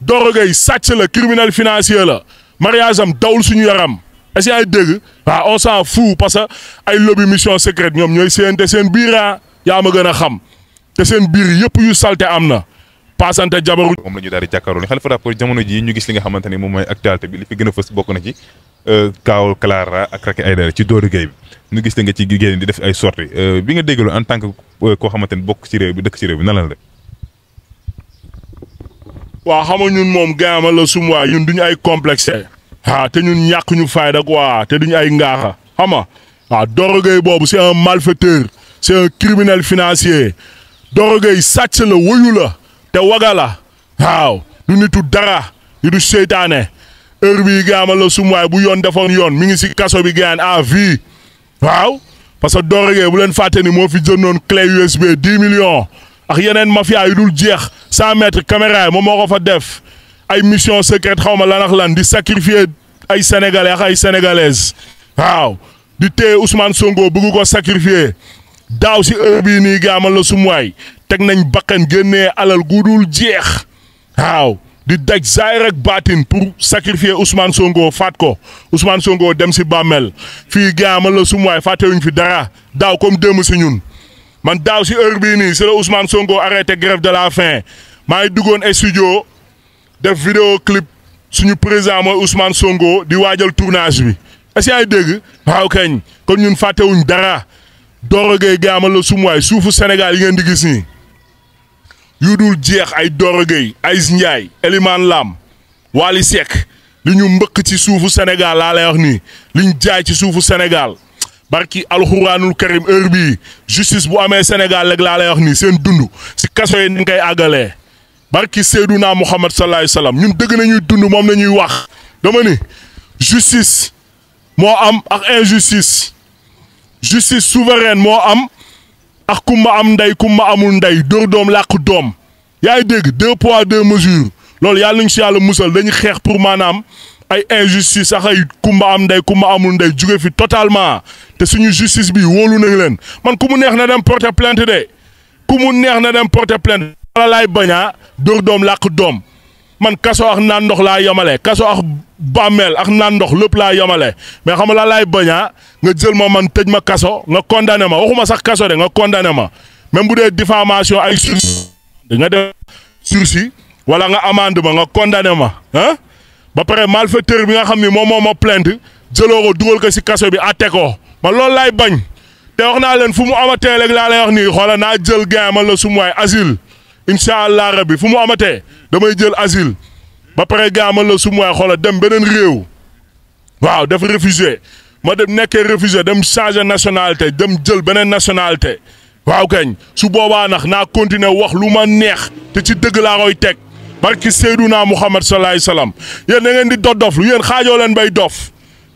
Doro Gueye sàcc la criminel financier la mariage am dawul suñu yaram est ay dégg waaw ah, on s'en fout parce ay lobby mission secrète ñoom ñooy séente seen biir ah, yaa ma gën a xam te seen biir yëpp yu salte am na paasante jabaru. moom la ñu daal di jàkkaarloo ne Rapport jamono jii ñu gis li nga xamante ne moom mooy actualité bi li fi gën a fës bokk na ci euh, Kaaw Clara ak Racky Aïdara ci Doro Gueye bi ñu gis la ci génn di def ay sorties euh, bi nga déggaloo en tant que euh, koo xamante ne bokk ci réew bi dëkk ci réew bi nan waaw xam nga ñun moom gaama la sum waa ñun duñu ay complexé ah te ñun ñàkk ñu fayda quoi te duñu ay ngaaxa xam nga waaw Doro boobu c'est un malfaiteur c'est un criminel financier Doro Gueye sàcc la wuyu la te waga la waaw du nitu dara du du seytaane heure bii gaama la sum bu yoon defoon yoon mi ngi si kaso bi gaan à vie waaw parce que Doro Gueye bu leen fàtte ni moo fi jëndoon clé USB 10 millions ak yeneen mafia yu dul jeex. 100 mettre caméra yi moom moo ko fa def ay mission secrète xaw ma lan ak lan di sacrifier ay sénégalais ak ay sénégalaises waaw di téye Ousmane Sonko bëgg ko sacrifier daaw si heure bii nii gaamal la sumuwaay teg nañ alal gudul jeex waaw di daj zaahir ak pour sacrifier Ousmane Songo faat ko Ousmane Sonko dem si bàmmeel fii gaamal la sumuwaay fàttewuñ fi dara daaw comme ñun. man daaw si heure bii nii c'est le Ousmane Sonko arrêté grève de la faim maa ngi duggoon studio def vidéo clip suñu président mooy Ousmane Sonko di waajal tournage bi est-ce que yaa ngi dégg waaw kañ kon ñun fàttewuñ dara Doro Gueye gaamal la sumuwaay suufu Sénégal yi ngeen di gis nii yu dul jeex ay Doro Gueye Aziz Ndiaye Elimane Lam Wally sek li ñu mbëkk ci suufu Sénégal laa lay wax nii liñ jaay ci suufu Sénégal barki alxuraanul karim heure bii justice bu amee Sénégal rek laa lay wax nii seen dund si kaso yi ni koy àggalee barki Seydouna Muhammad sallallahu alayhi wasallam ñun dëgg nañuy dund moom la ñuy wax dama ni justice moo am ak injustice justice souveraine moo am ak kumba am ndey kumba amul ndey dóor doom làqu doom yaa ngi dégg deux poids deux mesures loolu yàlla nañ si yàlla musal dañuy xeex pour maanaam ay injustice ak ay kumba am ndey kumba amul ndey jóge fi totalement te suñu justice bi woolu nañ leen man ku mu neex na dem porter plainte de ku mu neex na dem porter plainte wala laay bañaa dóor doom làq doom man kaso ak naan ndox laa yamale kaso ak bàmmeel ak naan ndox lépp laa yamale mais xam nga la laay bañaa nga jël ma man tëj ma kaso nga condamné ma waxuma sax kaso de nga condamné ma même bu dee diffamation ay sursis nga def sursis wala nga amende ma nga condamné ma ah ba pare malfaiteur bi nga xam ni moom moo ma plainte jëloo dugal ko si kaso bi atte ko ma loolu laay bañ te wax naa leen fu mu amatee rek laa lay wax nii xoola naa jël gain man la su ma waay incha allah rabbi fu mu amatee damay jël asile ba pare gain la su xoola dem beneen réew waaw def réfugié ma dem nekkee réfugié dem changer nationalité dem jël beneen nationalité waaw kañ su boobaa nax naa continuer wax lu ma neex te ci dëgg laa koy teg barki Seydouna Muhammad sallallahu alayhi wasallam yéen da ngeen di dof dof yéen xaajoo leen bay dof.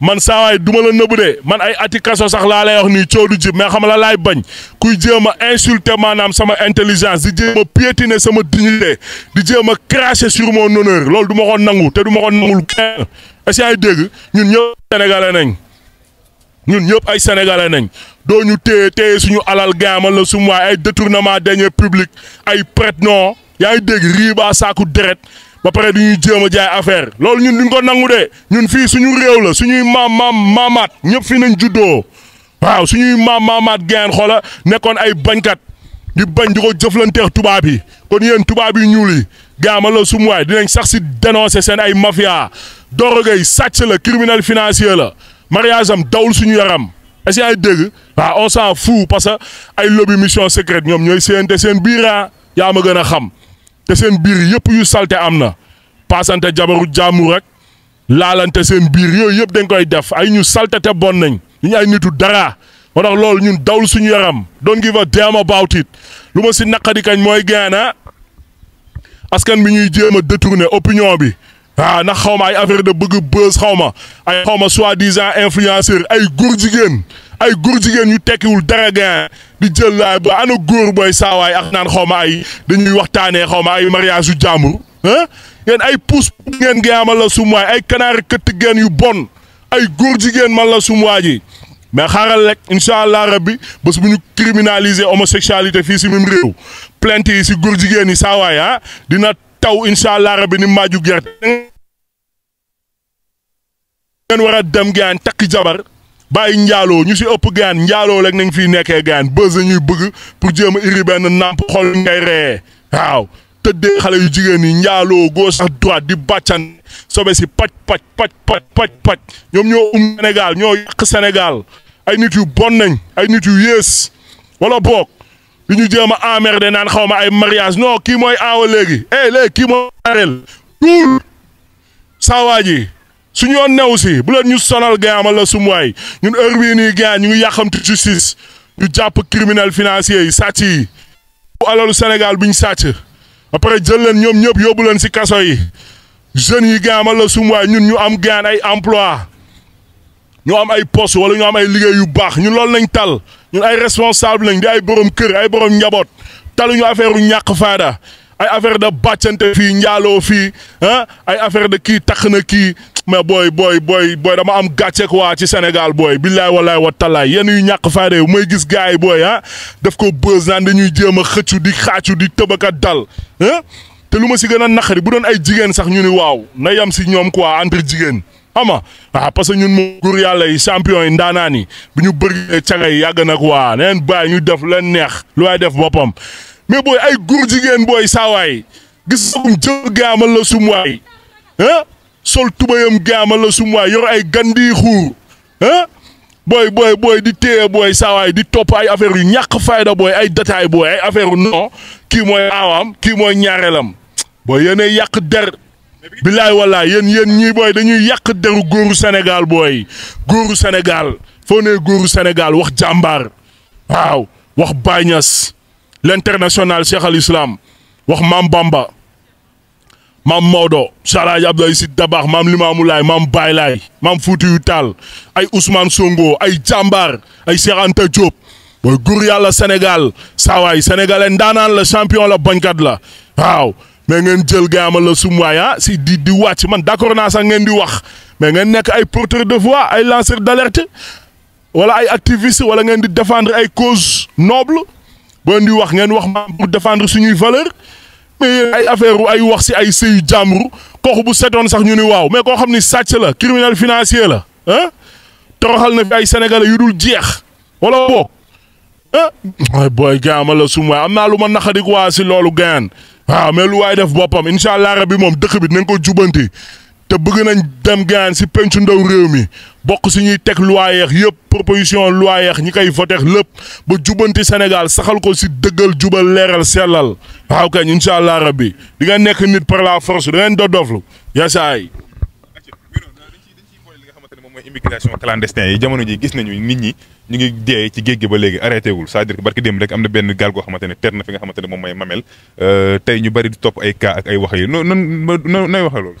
man saa waay du ma la nëbb de man ay ati kaso sax laa lay wax nii coow du jib mais xam la laay bañ kuy jéem a maanaam sama intelligence di jéem a piétiner sama dignité di jéem a cracher sur mon honneur loolu du ma ko nangu te duma ma ko nangul kenn est ay dégg ñun ñëpp sénégalais nañ ñun ñëpp ay sénégalais nañ doo ñu téye téye suñu alal gaamal la sum waay ay détournement deniers publics ay prête non yaa ngi dégg riiba saaku deret ba pare du ñuy jéem a jaay affaire loolu ñun ñu ko nangu de ñun fii suñu réew la suñuy maam maam maamaat ñëpp fi nañ juddoo waaw suñuy maam maamaat gayan xoola nekkoon ay bañkat di bañ di ko jëflanteex tubaab yi kon yéen tubaab yi ñuul yi gaama la sumu waay dinañ sax si dénoncer seen ay mafia dorogay sàcc la criminel financier la mariage am dawul suñu yaram est ay dégg waaw on s'en fout parce que ay lobby mission secrète ñoom ñooy séente seen biira ah. yaa ma gën a xam te seen biir yëpp yu salte am na paasante jabaru jaamu rek laalante seen biir yooyu yëpp dañ koy def ay ñu salte te bon nañ ñu ay nitu dara moo tax loolu ñun dawul suñu yaram don't give a damn about it lu ma si naqadi kañ mooy gaana ah. askan bi ñuy jéem a détourner opinion bi ah na xaw ma ay affaire de bëgg buzz xaw ma ay xaw ma soi-disant influenceur ay góor jigéen ay góor jigéen yu tekkiwul dara gain di jël ba ana góor booy saawaay ak naan xaw ma ay dañuy waxtaanee xaw ma ay mariage yu jàmbur ah yéen ay pousse ngeen ngi amal la sumuwaay ay kanaar këtt gen yu bon ay góor jigéen man la sumuwaa ji mais xaaral rek incha allah rabbi bés bu ñu criminaliser homosexualité fii si même réew plainte yi si góor jigéen yi saawaay ah dina taw incha allah rabbi ni maaju gerte ngeen war a dem gaan takk jabar bàyyi njaaloo ñu si ëpp gaan njaaloo rek nañ fiy nekkee gaan bës la ñuy bëgg pour jéem a iri benn nàmp xol ngay ree waaw tëddee xale yu jigéen ñi njaaloo gauche ak droite di bàccan sobe si paj paj paj paj paj paj ñoom ñoo um Sénégal ñoo yàq senegaal ay nit yu bon nañ ay nit yu yées wala boog li ñu jéem a emmerder naan xaw ma ay mariage non kii mooy aawa léegi eh léegi kii mooy arel ñuul saawaa ji suñu yoon new si bu leen ñu sonal gaa ma la sumuwaay ñun heure bii nii gaa ñu ngi yàqamti justice ñu jàpp criminel financier yi sàcc yi bu alalu Sénégal bi ñu sàcc après jël leen ñoom ñëpp yóbbu leen si kaso yi jeunes yi gaa ma la sumuwaay ñun ñu am gaan ay emploi ñu am ay poste wala ñu am ay liggéey yu baax ñun loolu lañ tal ñun ay responsable lañ di ay borom kër ay borom njaboot taluñu affaire u ñàkk faada ay affaire de bàccante fii njaaloo fii ah ay affaire de kii takk na kii mais booy booy booy booy dama am gàcce quoi ci Sénégal booy billaay walaay wa talaay yéen yu ñàkk fayda yi may gis gars yi booy ah daf ko bës naan dañuy jéem a xëccu di xaacu di tëbaka dal ah te lu ma si gën a naqari bu doon ay jigéen sax ñu ni waaw na yem si ñoom quoi entre jigéen ama waaw ah, parce que ñun mu góor yàlla yi champion yi ndaanaan bu ñu bëri cagay yàgg nag waa neen bàyyi ñu def leen neex lu waay def boppam mais booy ay góor jigéen booy saawaay gis sakum jël sol tubayam gaama la su yor ay gandi xuur booy booy booy di téye booy saawaay di topp ay affaire yu ñàkk fayda booy ay détail booy ay affaire non kii mooy aawaam kii mooy ñaareelam booy yéenay yàq der bilaay wallaay yéen yéen ñii booy dañuy yàq deru góoru senegal booy góoru Sénégal foo nee góoru Sénégal wax jàmbaar waaw wax Baay Ñas l'international al Islam wax Maam Mam modo, Sara Abdou Aziz Dabakh mam Limamou Laye mam Baye mam foutu Foutiyou ay Ousmane songo ay jambar, ay Cheikh Anta Diop mooy góor senegal Senegal, saawaay sénégalais danan la champion la bañkat la waw me ngeen gama le la ah, si di di wàcc man d'accord na sa ngeen di wax me ngeen nek ay porteur de voix ay lanceur d'alerte wala ay activiste wala ngeen di défendre ay cause noble boo di wax ngeen wax mam pour défendre suñuy valeur mais ay affaire ay wax si ay sëyu jàmbur kooku bu setoon sax ñu ni waaw mais koo xam ni sàcc la criminel financier la ah toroxal na fi ay sénégalais yu dul jeex wala boog ah ay booy gaama la sum waay am naa lu ma naqadik waa si loolu gaan waaw mais lu waay def boppam incha allah rabi moom dëkk bi nañ ko jubanti te bëgg nañ dem gaan ci pencu ndaw réew mi bokk ci ñuy tek loi yeex yépp proposition loi yeex ñi kay voté lepp ba jubanti Sénégal saxal ko ci dëggal jubal leeral sellal waaw kay incha allah rabbi di nga nekk nit par la force da ngeen doflu yasaay. immigration clandestin yi jamono ji gis nañu nit ñi ñu ngi dé ci géej ba légui arrêté wul c'est-à-dire que barké dem rek amna benn gaal goo xamante ter na fi nga xamante mom moom mamel euh tay ñu bari di top ay cas ak ay wax yi non non nooy waxee loolu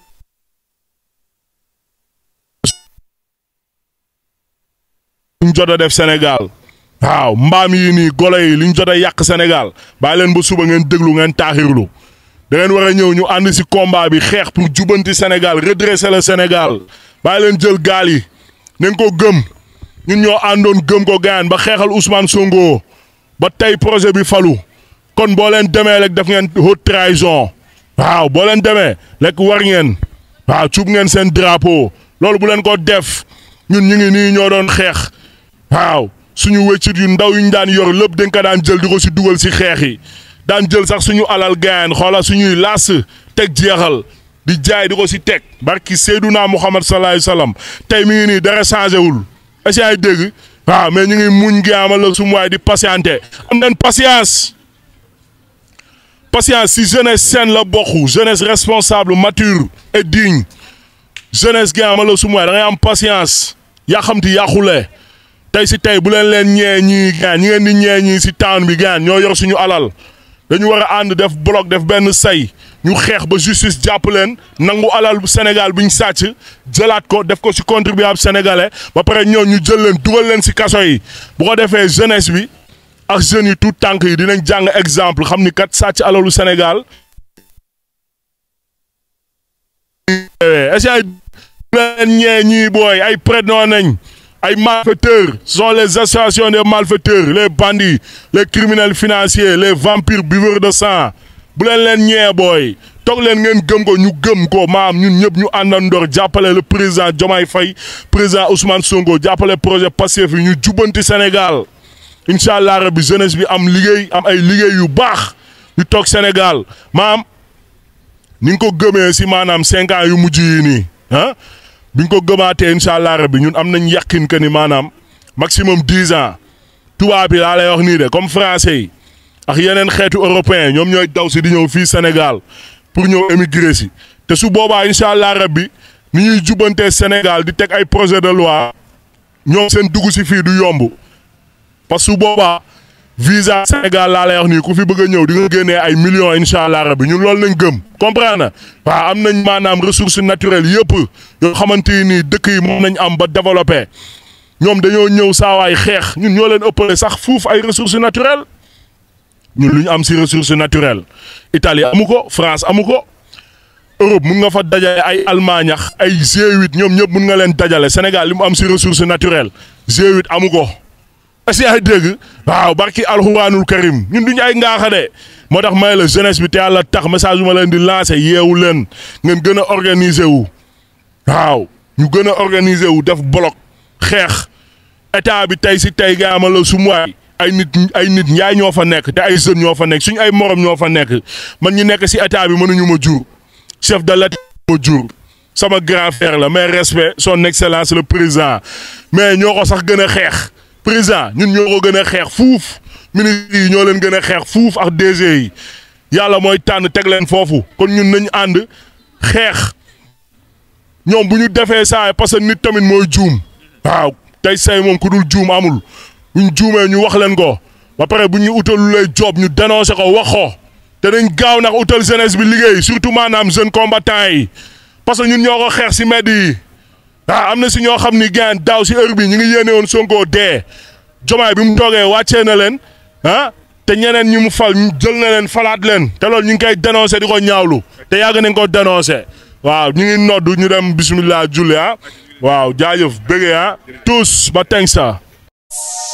liñ def Senegal, waaw mbam yi ni golo yi liñ jot a yàq Sénégal bàyyi leen ba suba ngeen deglu ngeen da ngeen wara ñew ñu and si combat bi xex pour jubanti Sénégal redresser le Sénégal bàyyi len jël gal yi nañ ko gëm ñun ño andon gëm ko gaan ba xexal Ousmane songo ba tay projet bi falu kon bo len demee lek def ngeen haute trahison waaw bo len demee lek war ngeen waaw cuub ngeen sen drapeau lolou bu len ko def ñun ñi ngi ni ño doon xex waaw suñu wéccit yu ndaw ñu daan yor lépp dañ ko daan jël di ko si dugal si xeex yi daan jël sax suñu alal gaayan xoola suñuy laas teg jeexal di jaay di ko si teg barki Seydunaa Muhammad sallallahu alayhi wasallam tey mi ngi nii dara changé wul est-ce ay dégg waaw mais ñu ngi muñ gi amal la sumu di patienter am nañ patience patience si jeunesse saine la bokk jeunesse responsable mature et digne jeunesse gi amal la sumu waay da ngay am patience yaa xam te yàqule tay si tay bu len len ñee ñi gaan ñi ngeen di ñee si town bi gaan ñoo yor suñu alal dañu wara and def bloc def ben say ñu xex ba justice japp len nangu alal bu senegal bu sacc jëlat ko def ko si contribuable sénégalais ba pare ñoo ñu jël len duggal len si kasso yi bu ko défé jeunesse bi ak jeune yi tout tank yi dinañ jang exemple xamni kat sàcc alalu Sénégal. eh, eh, eh, ay eh, eh, eh, ay prêt nañ. ay malfaiteurs ce sont les associations des malfaiteurs les bandits les criminels financiers les vampires buveurs de sang bu leen leen ñee booy toog leen ngeen gëm ko ñu gëm ko maam ñun ñëpp ñu àndandoor jàppale la président Diomaye fay président Ousmane Sonko jàppale projet Pastef yi ñu jubbanti Sénégal incha allah rabbi jeunesse bi am liggéey am ay liggéey yu baax ñu toog Sénégal maam ni nga ko gëmee si maanaam cinq ans yu mujj yi nii ah biñ ko gëmaatee incha allah rabbi ñun am nañ yàqin que ni maanaam maximum dix ans tubaab yi laa lay wax nii de comme français yi ak yeneen xeetu européen ñoom ñooy daw si di ñëw fii Sénégal pour ñëw émigrer si te su boobaa incha allah rabbi ni ñuy jubantee Sénégal di teg ay projet de loi ñoom seen dugg si fii du yomb parce su boobaa visa Sénégal laa lay wax nii ku fi bëgg a ñëw di génne ay millions incha allah rabi ñu lool lañ gëm comprendre na waaw am nañ maanaam ressources naturelles yëpp yoo xamante nii dëkk yi moom nañ am ba développé ñoom dañoo ñëw saawaay xeex ñu ñoo leen ëppale sax fuuf ay ressources naturelles ñun lu ñu am si ressource naturelles Italie amu ko France amu ko Europe mun nga fa dajale ay almaañax ay g ñoom ñëpp mun nga leen dajale Sénégal li mu am si ressource naturelles G8 amu ko. est ce que yaay dégg waaw barki alxuraanul karim ñun duñu ay ngaaxa moo tax may la jeunesse bi te yàlla tax message ma leen di lancé yeewu leen ngeen gën a organiser wu waaw ñu gën a organiser wu def bloc xeex état bi tey si tey gaa ma la su ay nit ay nit ñaay ñoo fa nekk te ay jeunes ñoo fa nekk suñ ay morom ñoo fa nekk man ñu nekk si état bi mënuñu ma jur chef de l'état ma jur sama grand frère la mais respect son excellence le président mais ñoo ko sax gën a xeex. président ñun ñoo ko gën a xeex fuuf ministre yi ñoo leen gën a xeex fuuf ak DG yi yàlla mooy tànn teg leen foofu kon ñun nañ ànd xeex ñoom bu ñu defee saa parce que nit tamit mooy juum waaw tey say moom ku dul juum amul buñ juumee ñu wax leen ko ba pare bu ñu utal lu lay job ñu dénoncé ko wax ko te nañ gaaw nag utal jeunesse bi liggéey surtout maanaam jeune combattant yi parce que ñun ñoo ko xeex si mbedd yi. ah am na si ñoo xam ni gaan daaw si heure bi ñu ngi yéene woon Sonko dee jomaay bi mu toogee wàccee na leen ah te ñeneen ñi mu fal jël na leen falaat leen te lool ñu ngi koy dénoncé di ko ñaawlu te yàgg nañ ko dénoncé waaw ñu ngi du ñu dem bisimilah julli ah. waaw jaajëf bëggee ah tous ba teng sa